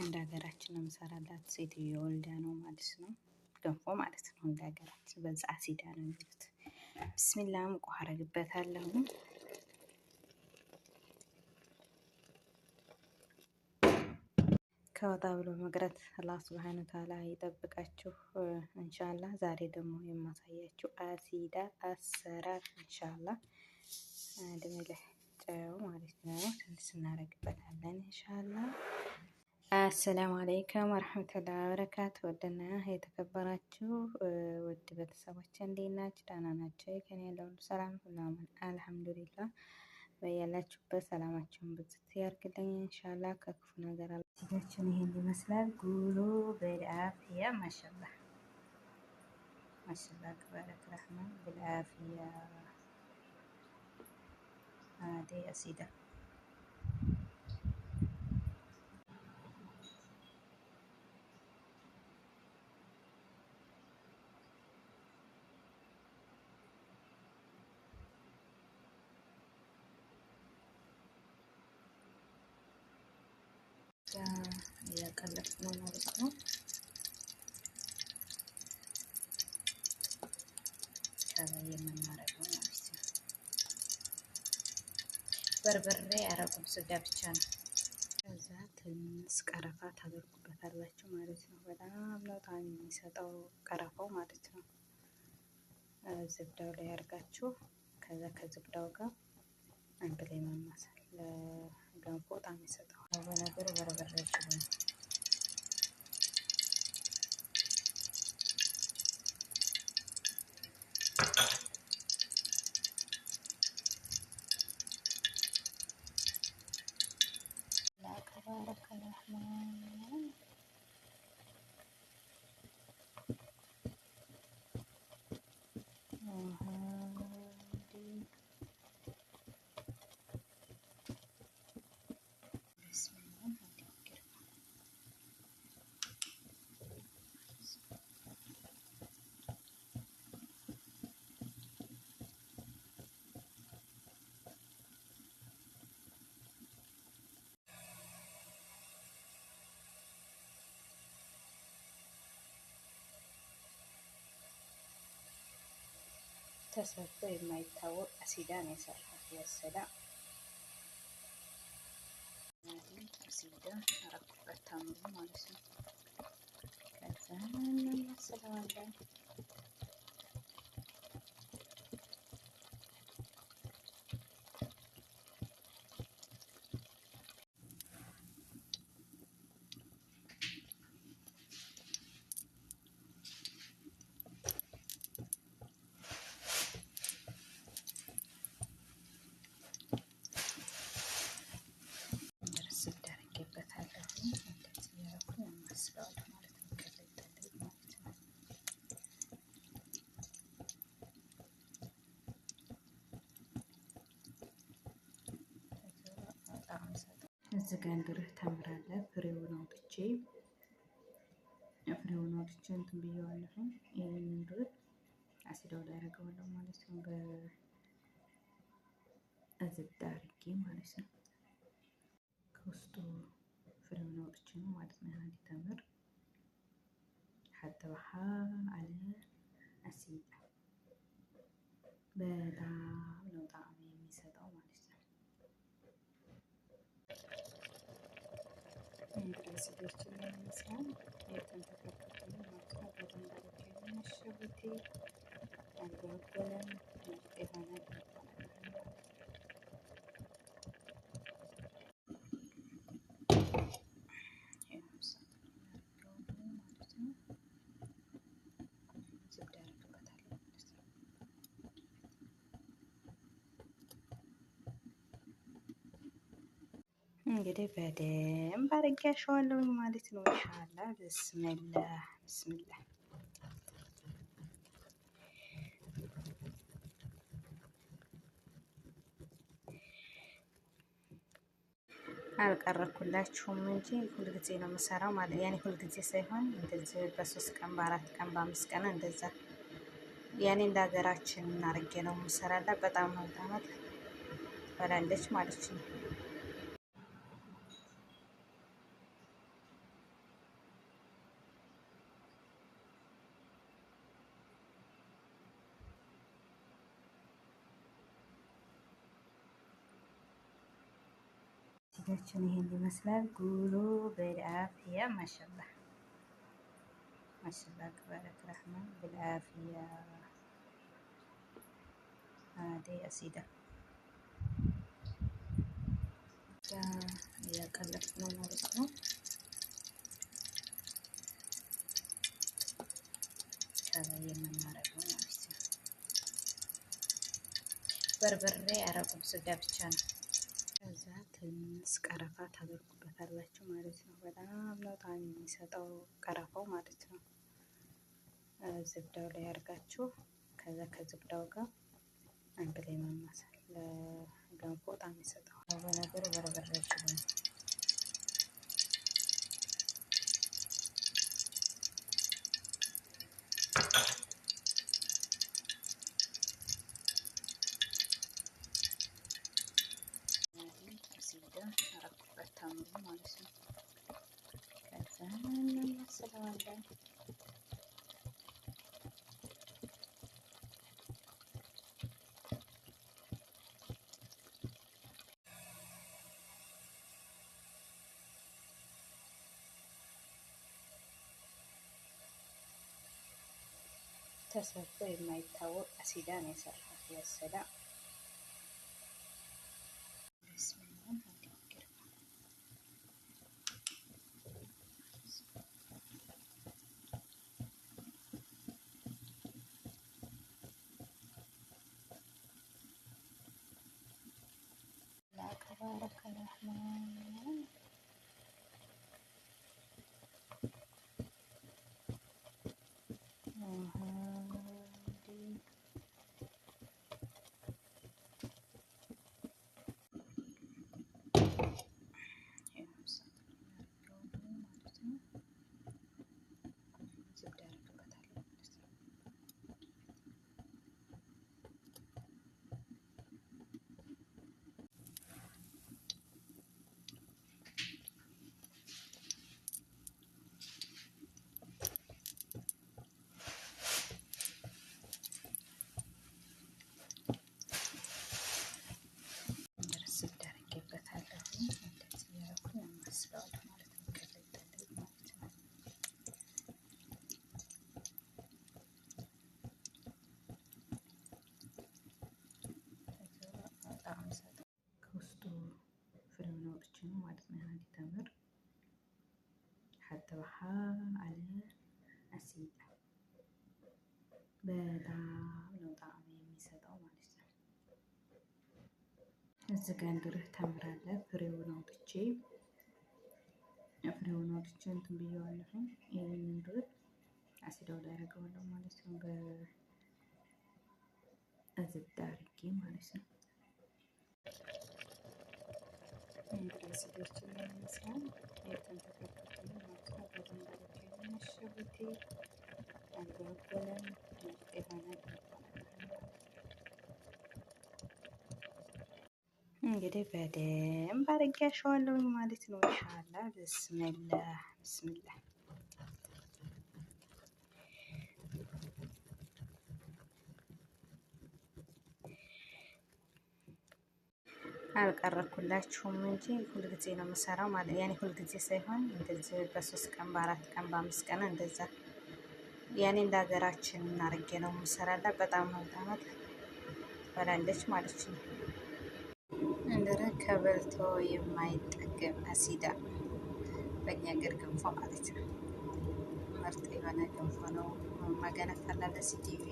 እንደ ሀገራችን የምሰራላት ሴትዮ ወልዳ ነው ማለት ነው። ገንፎ ማለት ነው እንደ ሀገራችን በዛ አሲዳ ነው የሚሉት። ብስሚላም ቆረግበታለሁ። ከወጣ ብሎ መቅረት አላህ ስብሃነ ወተዓላ ይጠብቃችሁ። እንሻላ ዛሬ ደግሞ የማሳያችሁ አሲዳ አሰራር እንሻላ ድሜ ላይ ጨው ማለት ነው ስናረግበታለን እንሻላ አሰላሙ አለይኩም ወረሕመቱላሂ ወበረካቱ። ወደና የተከበራችሁ ውድ ቤተሰቦች እንዴት ናችሁ? ደህና ናቸው። ከኔ ለሁሉ ሰላም ሁላም አልሐምዱሊላህ። በያላችሁበት ሰላማችሁን ብዝት ያርግልኝ። እንሻላ ከክፉ ነገር አላችሁን። ይሄን ይመስላል ጉሎ በልአፍያ ማሻላ ማሻላ ተባረክ ረሕማን ብልአፍያ አዴ አሲዳ እየቀለጥኩ ነው ማለት ነው። ከላይ የምናረገው ማለት ነው። በርበሬ አረቁም ስጋ ብቻ ነው። ከዛ ትንስ ቀረፋ ታደርጉበታላችሁ ማለት ነው። በጣም ነው ጣዕም የሚሰጠው ቀረፋው ማለት ነው። ዝብዳው ላይ አድርጋችሁ ከዛ ከዝብዳው ጋር አንድ ላይ ማማሰል ለገንፎ ጣዕም ይሰጠዋል። በነገሩ በርበሬ ነው። ተሰርቶ የማይታወቅ አሲዳ ነው የሰራሁት። ያሰዳ አሲዳ አረኩበት ታምሩ ማለት ነው። ከዛ እናማስለዋለን ዝገንድርህ ታምራለህ ፍሬውን አውጥቼ ፍሬውን አውጥቼ እንትን ብየዋለሁኝ። ይህንን ዱር አሲዳው ላይ አደርገዋለሁ ማለት ነው። በእዝድ አድርጌ ማለት ነው። ከውስጡ ፍሬውን አውጥቼ ነው ማለት ነው። ያን ተምር ሀተባሀ አለ አሲዳ በጣም ስቶችን ይመስላል። የተንተከተከሉ ናቸው። በደንብ አድርጌ ነው ያሸጉት። አልጓጎለም ምርጥ የሆነ እንግዲህ በደንብ አድርጌያሸዋለሁ ማለት ነው። ኢንሻአላ ብስምላ ብስምላ አልቀረኩላችሁም እንጂ ሁልጊዜ ነው የምሰራው ማለት ያኔ ሁልጊዜ ሳይሆን እንደዚህ በሶስት ቀን በአራት ቀን በአምስት ቀን እንደዛ ያኔ እንደ ሀገራችን አድርጌ ነው የምሰራላት። በጣም መውጣናት ትበላለች ማለት ነው። ቤታችን ይሄን ይመስላል። ጉሎ በልአፍያ ማሻላ ማሻላ ተባረክ ረህማን በልአፍያ አዴ አሲዳ እያቀለጥኩ ነው ማለት ነው። ከላይ የምናረገው ማለት ነው። በርበሬ አረቁም ስጋ ብቻ ነው። ትንስ ቀረፋ ታደርጉበታላችሁ ማለት ነው። በጣም ነው ጣዕም የሚሰጠው ቀረፋው ማለት ነው። ዝብዳው ላይ አድርጋችሁ ከዛ ከዝብዳው ጋር አንድ ላይ ማማሰል ለገንፎ ጣዕም ይሰጠዋል። በነገሩ በረበረ ይችላል። siempre. así የማይታወቅ አሲዳን የሰራ ያሰዳ ሁላችንም ማለት ነው። ሀዲ ተምር ሀተባሃ አለ አሲዳ በጣም ነው ጣዕም የሚሰጠው ማለት ነው። እዚህ ጋ ተምር አለ ፍሬውን አውጥቼ ፍሬውን አውጥቼ እንትን ብየዋለሁኝ። ይህን እንግዲህ አሲዳው ላይ አደርገዋለሁ ማለት ነው። በዝዳ አድርጌ ማለት ነው። እንደዚህ ዶርችን እንግዲህ በደንብ አድርጌ ያሸዋለሁኝ ማለት ነው። ኢንሻአላህ ብስምላህ ብስምላህ አልቀረኩላችሁም እንጂ ሁልጊዜ ነው የምሰራው ማለት ያኔ ሁልጊዜ ሳይሆን እንደዚህ በሶስት ቀን በአራት ቀን በአምስት ቀን እንደዛ ያኔ እንደ ሀገራችን አድርጌ ነው የምሰራላ። በጣም መብታናት ትበላለች ማለት ነው። እንደረ ከበልቶ የማይጠገም አሲዳ በእኛ ገር ገንፎ ማለት ነው። ምርጥ የሆነ ገንፎ ነው ማገነፈላ ሲዲቪ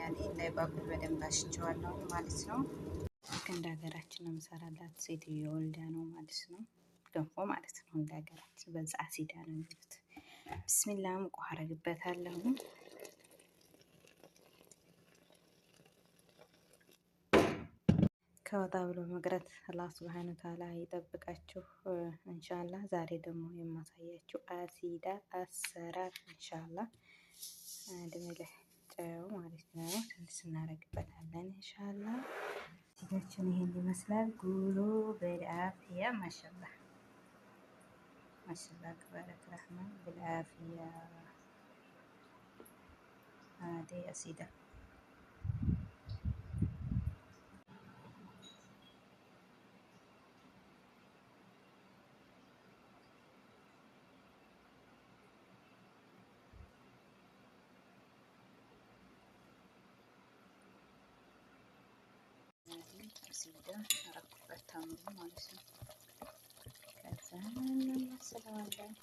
ያኔ ላይ ባቡል በደንብ አሽቸዋለሁ ማለት ነው። ልክ እንደ ሀገራችን የምሰራላት ሴትዮ ወልዳ ነው ማለት ነው። ገንፎ ማለት ነው እንደ ሀገራችን በዛ አሲዳ ነው የሚሉት። ብስሚላ ሙቆ አረግበታለሁ። ከወጣ ብሎ መቅረት አላህ ስብሃነ ተዓላ ይጠብቃችሁ። እንሻላ ዛሬ ደግሞ የማሳያችሁ አሲዳ አሰራር እንሻላ ድሜ ላይ ጨው ማለት ነው ትንሽ እናረግበታለን እንሻላ ስጋችን ይሄን ይመስላል። ጉሎ በልአፍያ ማሻላ ማሻላ ተባረክ ረህማን ብልአፍያ هذه أسيدة እዚህ ጋር አረኩበት ታምሩ ማለት ነው። ከዛ እናመስለዋለን።